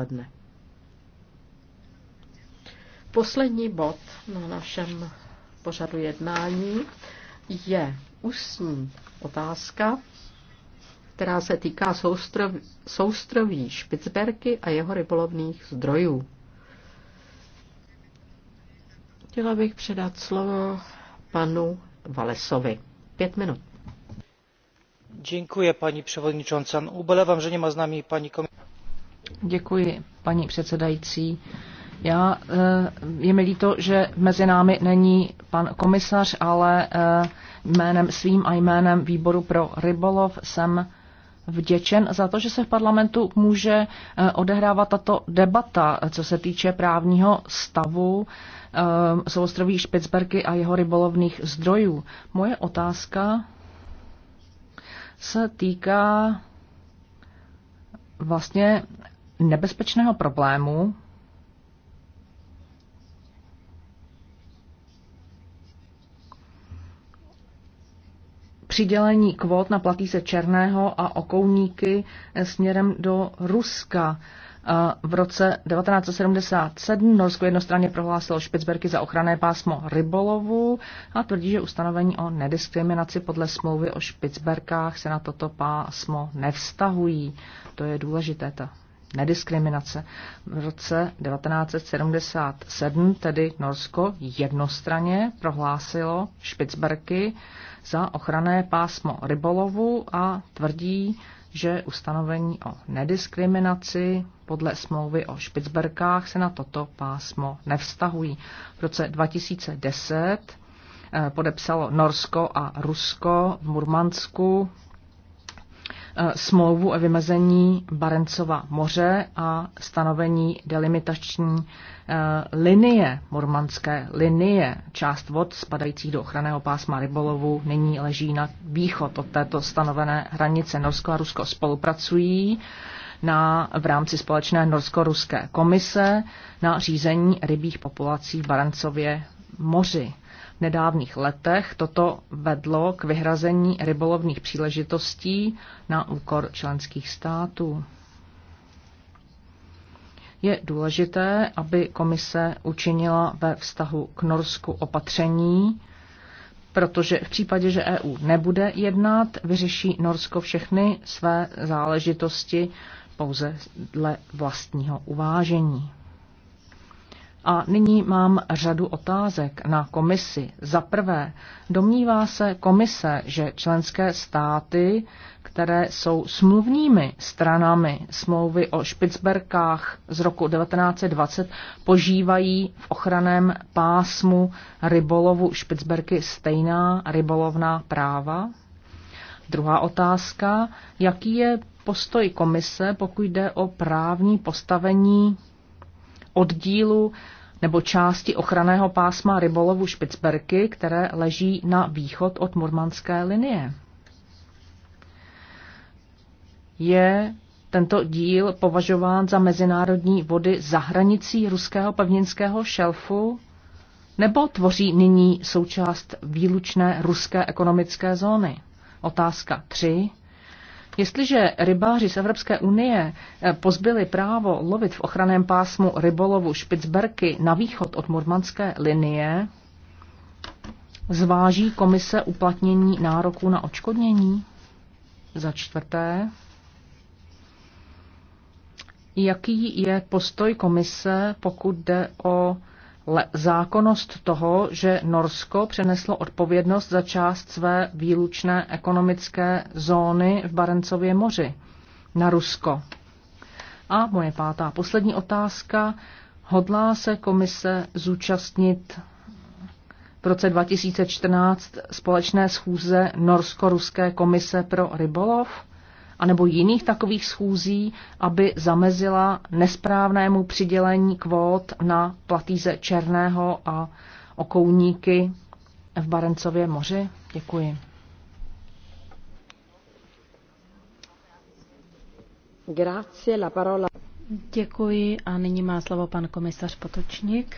odpoledne. Poslední bod na našem pořadu jednání je ústní otázka, která se týká soustroví, soustroví Špicberky a jeho rybolovných zdrojů. Chtěla bych předat slovo panu Valesovi. Pět minut. Děkuji, pani převodničonce. No, Ubelevám, že nemá z námi paní komisarz. Děkuji, paní předsedající. Já, eh, je mi líto, že mezi námi není pan komisař, ale eh, jménem svým a jménem výboru pro rybolov jsem vděčen za to, že se v parlamentu může eh, odehrávat tato debata, co se týče právního stavu souostroví Špicberky a jeho rybolovných zdrojů. Moje otázka se týká vlastně nebezpečného problému, přidělení kvót na se černého a okouníky směrem do Ruska. V roce 1977 Norsko jednostranně prohlásilo Špicberky za ochranné pásmo rybolovu a tvrdí, že ustanovení o nediskriminaci podle smlouvy o Špicberkách se na toto pásmo nevztahují. To je důležité, ta nediskriminace. V roce 1977 tedy Norsko jednostranně prohlásilo Špicberky za ochranné pásmo rybolovu a tvrdí, že ustanovení o nediskriminaci podle smlouvy o Špicberkách se na toto pásmo nevztahují. V roce 2010 eh, podepsalo Norsko a Rusko v Murmansku Eh, smlouvu o vymezení Barencova moře a stanovení delimitační eh, linie, mormanské linie. Část vod spadajících do ochranného pásma rybolovu nyní leží na východ od této stanovené hranice. Norsko a Rusko spolupracují na, v rámci společné norsko-ruské komise na řízení rybích populací v Barencově moři nedávných letech toto vedlo k vyhrazení rybolovných příležitostí na úkor členských států. Je důležité, aby komise učinila ve vztahu k Norsku opatření, protože v případě, že EU nebude jednat, vyřeší Norsko všechny své záležitosti pouze dle vlastního uvážení. A nyní mám řadu otázek na komisi. Za prvé, domnívá se komise, že členské státy, které jsou smluvními stranami smlouvy o Špicberkách z roku 1920, požívají v ochraném pásmu rybolovu Špicberky stejná rybolovná práva? Druhá otázka, jaký je postoj komise, pokud jde o právní postavení oddílu nebo části ochraného pásma rybolovu Špicberky, které leží na východ od Murmanské linie. Je tento díl považován za mezinárodní vody za hranicí ruského pevninského šelfu nebo tvoří nyní součást výlučné ruské ekonomické zóny? Otázka 3. Jestliže rybáři z Evropské unie eh, pozbyli právo lovit v ochraném pásmu rybolovu Špicberky na východ od Murmanské linie, zváží komise uplatnění nároků na odškodnění? Za čtvrté, jaký je postoj komise, pokud jde o zákonnost toho, že Norsko přeneslo odpovědnost za část své výlučné ekonomické zóny v Barencově moři na Rusko. A moje pátá poslední otázka. Hodlá se komise zúčastnit v roce 2014 společné schůze Norsko-Ruské komise pro rybolov? anebo jiných takových schůzí, aby zamezila nesprávnému přidělení kvót na platíze černého a okouníky v Barencově moři? Děkuji. Grazie, la parola. Děkuji a nyní má slovo pan komisař Potočník.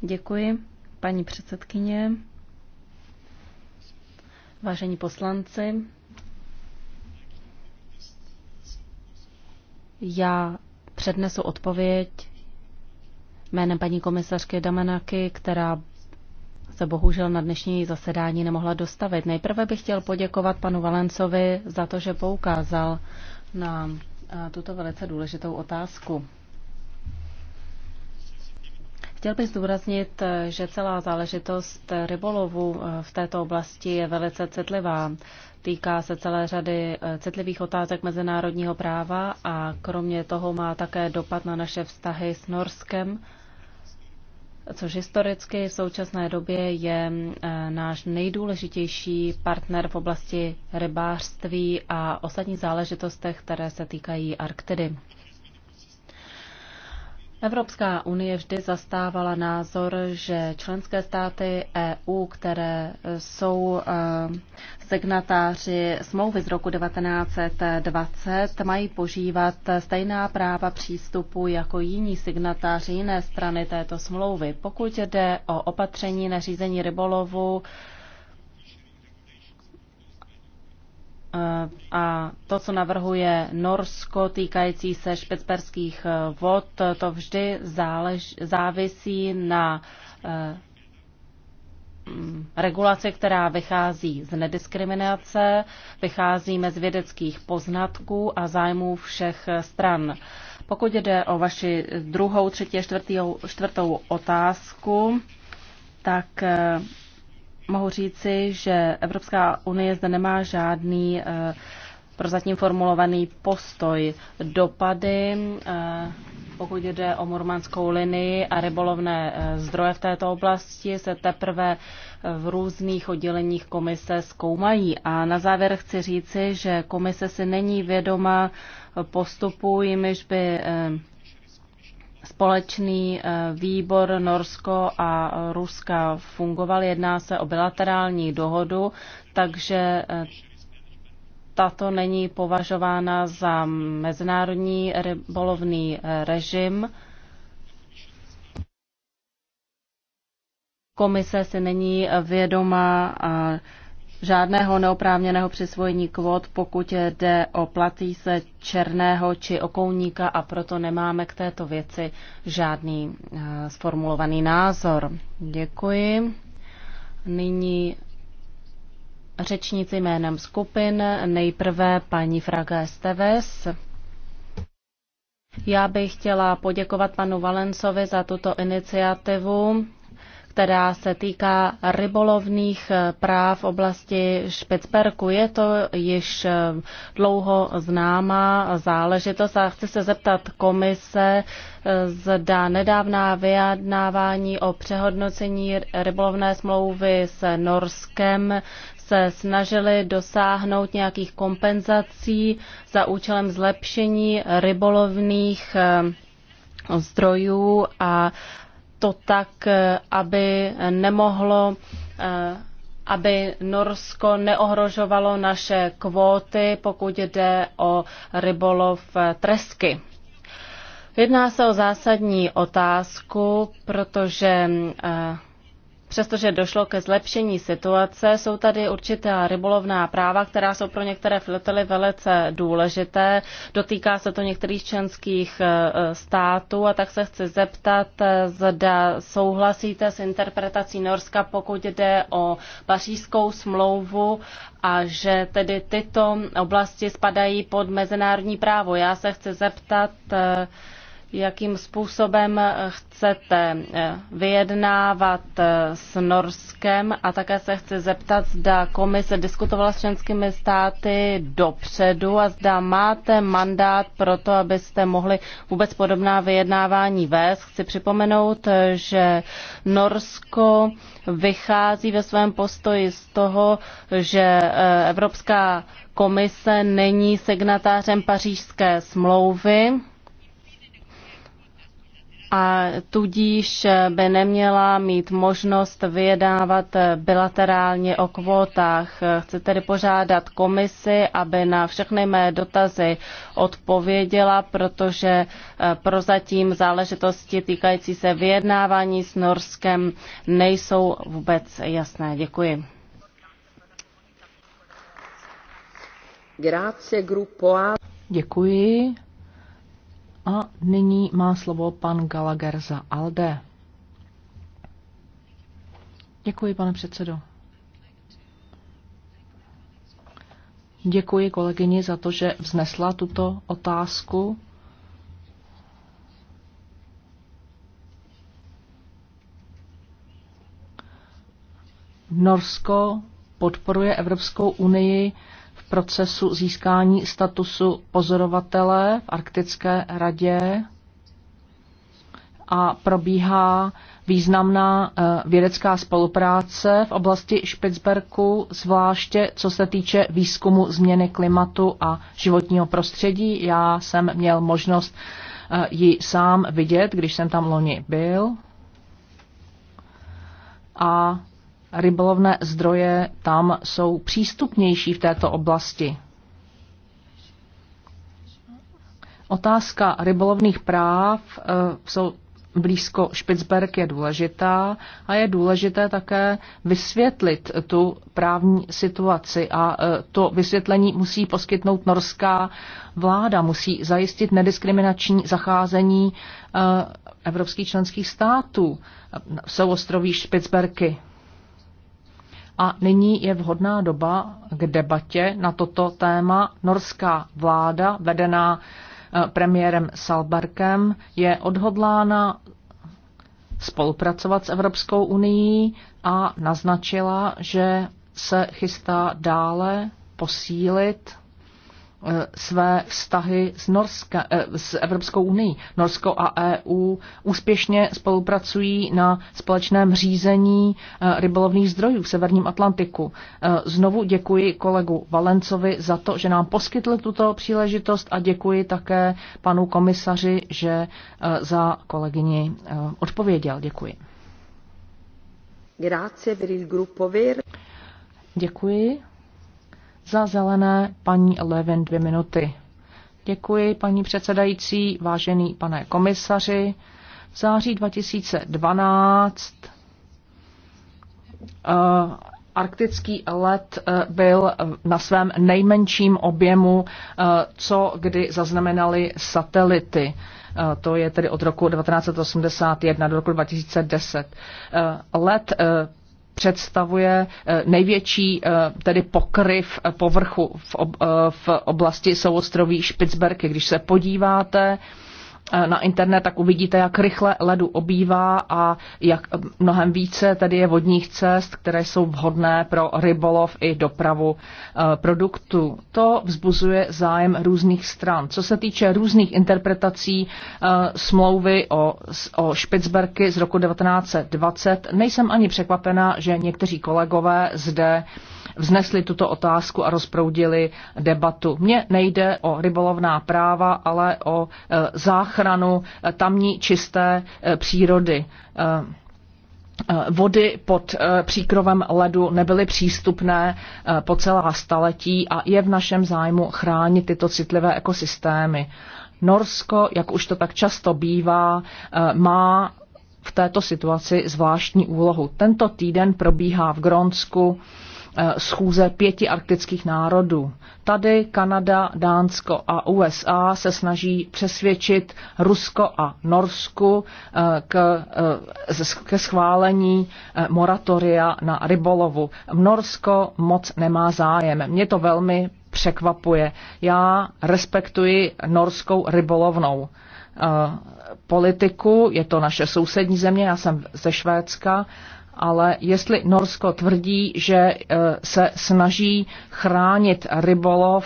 Děkuji, paní předsedkyně, vážení poslanci, Já přednesu odpověď jménem paní komisařky Damanaky, která se bohužel na dnešní zasedání nemohla dostavit. Nejprve bych chtěl poděkovat panu Valencovi za to, že poukázal na tuto velice důležitou otázku. Chtěl bych zdůraznit, že celá záležitost rybolovu eh, v této oblasti je velice citlivá. Týká se celé řady eh, citlivých otázek mezinárodního práva a kromě toho má také dopad na naše vztahy s Norskem, což historicky v současné době je eh, náš nejdůležitější partner v oblasti rybářství a ostatních záležitostech, které se týkají Arktidy. Evropská unie vždy zastávala názor, že členské státy EU, které jsou eh, signatáři smlouvy z roku 1920, mají požívat stejná práva přístupu jako jiní signatáři jiné strany této smlouvy. Pokud jde o opatření na řízení rybolovu, Eh, a to, co navrhuje Norsko týkající se špecperských eh, vod, to vždy zálež, závisí na eh, mm, regulace, která vychází z nediskriminace, vycházíme z vědeckých poznatků a zájmů všech stran. Pokud jde o vaši druhou, třetí a čtvrtou otázku, tak mohu říci, že Evropská unie zde nemá žádný eh, prozatím formulovaný postoj. Dopady, eh, pokud jde o murmanskou linii a rybolovné eh, zdroje v této oblasti, se teprve v různých odděleních komise zkoumají. A na závěr chci říci, že komise si není vědoma postupu, jimž by společný eh, výbor Norsko a Ruska fungoval. Jedná se o bilaterální dohodu, takže eh, tato není považována za mezinárodní rybolovný eh, režim. Komise se není vědoma žádného neoprávněného přisvojení kvot, pokud jde o se černého či okouníka a proto nemáme k této věci žádný eh, sformulovaný názor. Děkuji. Nyní řečníci jménem skupin. Nejprve paní Fraga Esteves. Já bych chtěla poděkovat panu Valencovi za tuto iniciativu která se týká rybolovných eh, práv v oblasti Špicberku. Je to již eh, dlouho známá záležitost a chci se zeptat komise, eh, zda nedávná vyjednávání o přehodnocení rybolovné smlouvy s Norskem se snažili dosáhnout nějakých kompenzací za účelem zlepšení rybolovných zdrojů a to tak, eh, aby nemohlo, eh, aby Norsko neohrožovalo naše kvóty, pokud jde o rybolov eh, tresky. Jedná se o zásadní otázku, protože Přestože došlo ke zlepšení situace, jsou tady určitá rybolovná práva, která jsou pro některé flotily velice důležité. Dotýká se to některých členských e, států a tak se chci zeptat, e, zda souhlasíte s interpretací Norska, pokud jde o pařížskou smlouvu a že tedy tyto oblasti spadají pod mezinárodní právo. Já se chci zeptat, e, jakým způsobem chcete eh, vyjednávat eh, s Norskem a také se chci zeptat, zda komise diskutovala s členskými státy dopředu a zda máte mandát pro to, abyste mohli vůbec podobná vyjednávání vést. Chci připomenout, eh, že Norsko vychází ve svém postoji z toho, že Evropská komise není signatářem pařížské smlouvy, a tudíž by neměla mít možnost vyjednávat bilaterálně o kvótách. Chci tedy požádat komisi, aby na všechny mé dotazy odpověděla, protože eh, prozatím záležitosti týkající se vyjednávání s Norskem nejsou vůbec jasné. Děkuji. Grazie, Děkuji. A nyní má slovo pan Gallagher za ALDE. Děkuji, pane předsedo. Děkuji kolegyni za to, že vznesla tuto otázku. Norsko podporuje Evropskou unii procesu získání statusu pozorovatele v Arktické radě a probíhá významná eh, vědecká spolupráce v oblasti Špicberku, zvláště co se týče výzkumu změny klimatu a životního prostředí. Já jsem měl možnost eh, ji sám vidět, když jsem tam loni byl. A rybolovné zdroje tam jsou přístupnější v této oblasti. Otázka rybolovných práv eh, jsou blízko Špicberg je důležitá a je důležité také vysvětlit tu právní situaci a eh, to vysvětlení musí poskytnout norská vláda, musí zajistit nediskriminační zacházení eh, evropských členských států. Jsou ostroví Špicberky a nyní je vhodná doba k debatě na toto téma. Norská vláda, vedená eh, premiérem Salbarkem, je odhodlána spolupracovat s Evropskou unii a naznačila, že se chystá dále posílit Eh, své vztahy s, Norska, eh, s Evropskou unii. Norsko a EU úspěšně spolupracují na společném řízení eh, rybolovných zdrojů v Severním Atlantiku. Znovu děkuji kolegu Valencovi za to, že nám poskytl tuto příležitost a děkuji také panu komisaři, že za kolegyni odpověděl. Děkuji. Grazie per il gruppo Ver. Děkuji za zelené paní Levin dvě minuty. Děkuji, paní předsedající, vážený pane komisaři. V září 2012 uh, eh, arktický let eh, byl na svém nejmenším objemu, eh, co kdy zaznamenali satelity. To je tedy od roku 1981 do roku 2010. Let představuje eh, největší eh, tedy pokryv eh, povrchu v oblasti souostroví Špicberky. Když se podíváte, Eh, na internet, tak uvidíte, jak rychle ledu obývá a jak eh, mnohem více tedy je vodních cest, které jsou vhodné pro rybolov i dopravu eh, produktů. To vzbuzuje zájem různých stran. Co se týče různých interpretací smlouvy o, o Špicberky z roku 1920, nejsem ani překvapena, že někteří kolegové zde vznesli tuto otázku a rozproudili debatu. Mně nejde o rybolovná práva, ale o e, záchranu e, tamní čisté e, přírody vody pod příkrovem ledu nebyly přístupné po celá staletí a je v našem zájmu chránit tyto citlivé ekosystémy. Norsko, jak už to tak často bývá, má v této situaci zvláštní úlohu. Tento týden probíhá v Gronsku Eh, schůze pěti arktických národů. Tady Kanada, Dánsko a USA se snaží přesvědčit Rusko a Norsku eh, k, eh, ke schválení moratoria na rybolovu. Norsko moc nemá zájem. Mě to velmi překvapuje. Já respektuji norskou rybolovnou politiku, je to naše sousední země, já jsem ze Švédska ale jestli Norsko tvrdí, že eh, se snaží chránit rybolov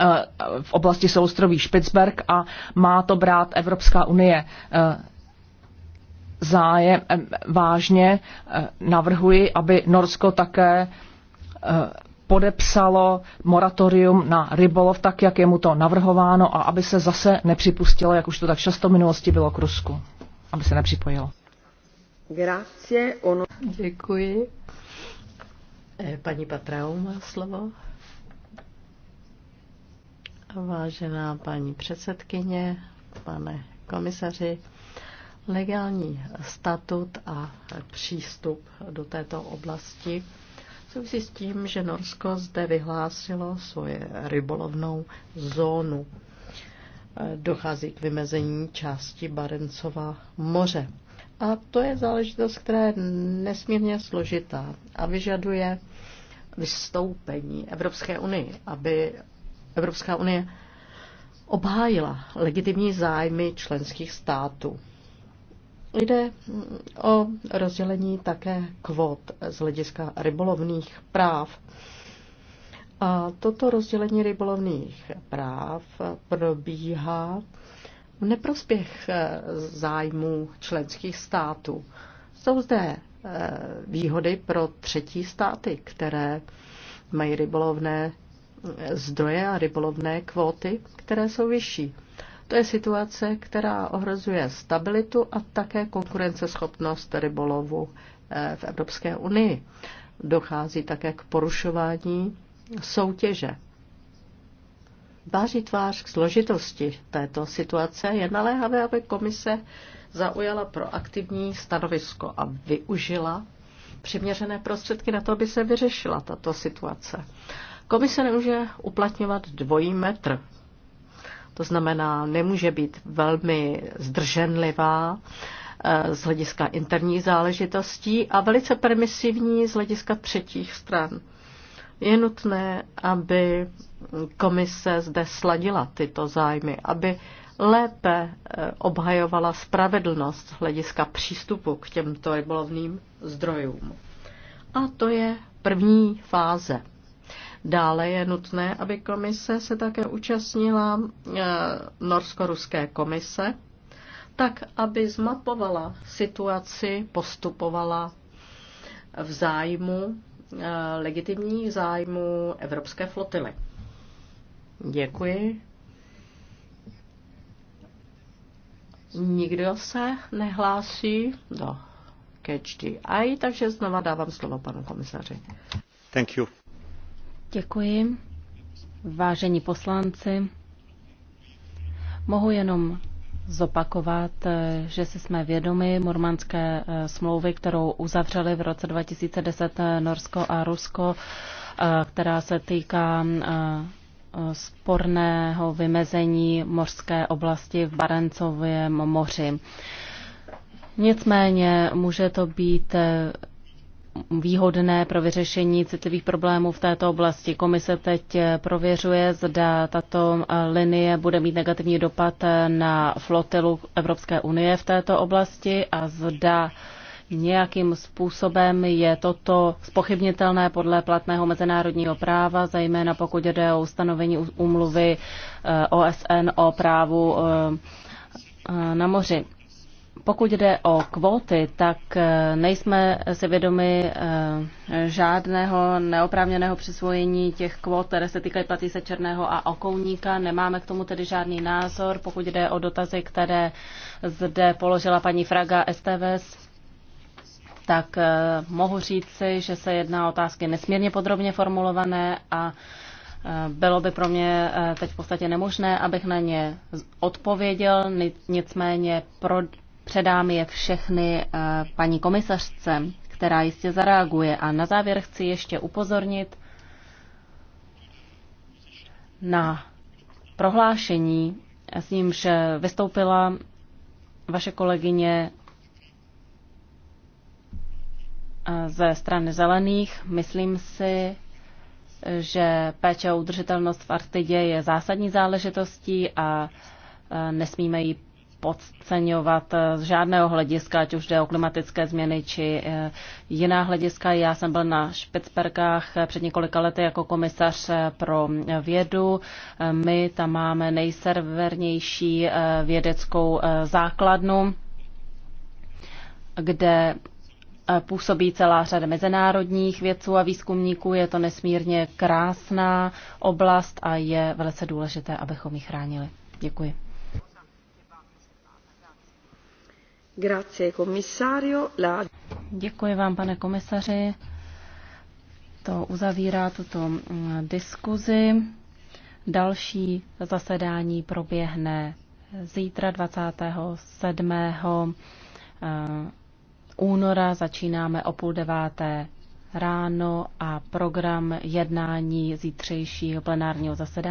eh, v oblasti soustroví Špicberg a má to brát Evropská unie eh, zájem vážně, navrhuji, aby Norsko také podepsalo moratorium na rybolov, tak jak je mu to navrhováno, a aby se zase nepřipustilo, jak už to tak často v minulosti bylo k Rusku, aby se nepřipojilo. Grazie, ono... Děkuji. Eh, paní Patrao má slovo. Vážená paní předsedkyně, pane komisaři, legální statut a přístup do této oblasti souvisí s tím, že Norsko zde vyhlásilo svoje rybolovnou zónu. Eh, dochází k vymezení části Barencova moře. A to je záležitost, která je nesmírně složitá a vyžaduje vystoupení Evropské unie, aby Evropská unie obhájila legitimní zájmy členských států. Jde o rozdělení také kvot z hlediska rybolovných práv. A toto rozdělení rybolovných práv probíhá v neprospěch eh, zájmů členských států. Jsou zde eh, výhody pro třetí státy, které mají rybolovné eh, zdroje a rybolovné kvóty, které jsou vyšší. To je situace, která ohrozuje stabilitu a také konkurenceschopnost rybolovu v Evropské unii. Dochází také k porušování soutěže. Tváří tvář k složitosti této situace je naléhavé, aby komise zaujala proaktivní stanovisko a využila přiměřené prostředky na to, aby se vyřešila tato situace. Komise nemůže uplatňovat dvojí metr. To znamená, nemůže být velmi zdrženlivá eh, z hlediska interní záležitostí a velice permisivní z hlediska třetích stran. Je nutné, aby komise zde sladila tyto zájmy, aby lépe eh, obhajovala spravedlnost z hlediska přístupu k těmto rybolovným zdrojům. A to je první fáze. Dále je nutné, aby komise se také účastnila eh, norsko-ruské komise, tak aby zmapovala situaci, postupovala v zájmu, eh, legitimních zájmů evropské flotily. Děkuji. Nikdo se nehlásí do Catch takže znova dávám slovo panu komisaři. Thank you. Děkuji. Vážení poslanci, mohu jenom zopakovat, že si jsme vědomi mormanské eh, smlouvy, kterou uzavřeli v roce 2010 eh, Norsko a Rusko, eh, která se týká sporného vymezení mořské oblasti v Barencovém moři. Nicméně může to být výhodné pro vyřešení citlivých problémů v této oblasti. Komise teď prověřuje, zda tato linie bude mít negativní dopad na flotilu Evropské unie v této oblasti a zda Nějakým způsobem je toto spochybnitelné podle platného mezinárodního práva, zejména pokud jde o ustanovení úmluvy eh, OSN o právu eh, eh, na moři. Pokud jde o kvóty, tak nejsme si vědomi žádného neoprávněného přisvojení těch kvót, které se týkají platíce černého a okouníka. Nemáme k tomu tedy žádný názor. Pokud jde o dotazy, které zde položila paní Fraga STVS, tak eh, mohu říci, že se jedná o otázky nesmírně podrobně formulované a eh, bylo by pro mě eh, teď v podstatě nemožné, abych na ně odpověděl, nicméně pro, předám je všechny paní komisařce, která jistě zareaguje. A na závěr chci ještě upozornit na prohlášení, s nímž vystoupila vaše kolegyně ze strany zelených. Myslím si, že péče o udržitelnost v Arktidě je zásadní záležitostí a nesmíme ji podceňovat z žádného hlediska, ať už jde o klimatické změny či e, jiná hlediska. Já jsem byl na Špicperkách před několika lety jako komisař pro vědu. My tam máme nejservernější e, vědeckou e, základnu, kde působí celá řada mezinárodních vědců a výzkumníků. Je to nesmírně krásná oblast a je velice důležité, abychom ji chránili. Děkuji. Děkuji vám, pane komisaři. To uzavírá tuto mm, diskuzi. Další zasedání proběhne zítra 27 února, začínáme o půl deváté ráno a program jednání zítřejšího plenárního zasedání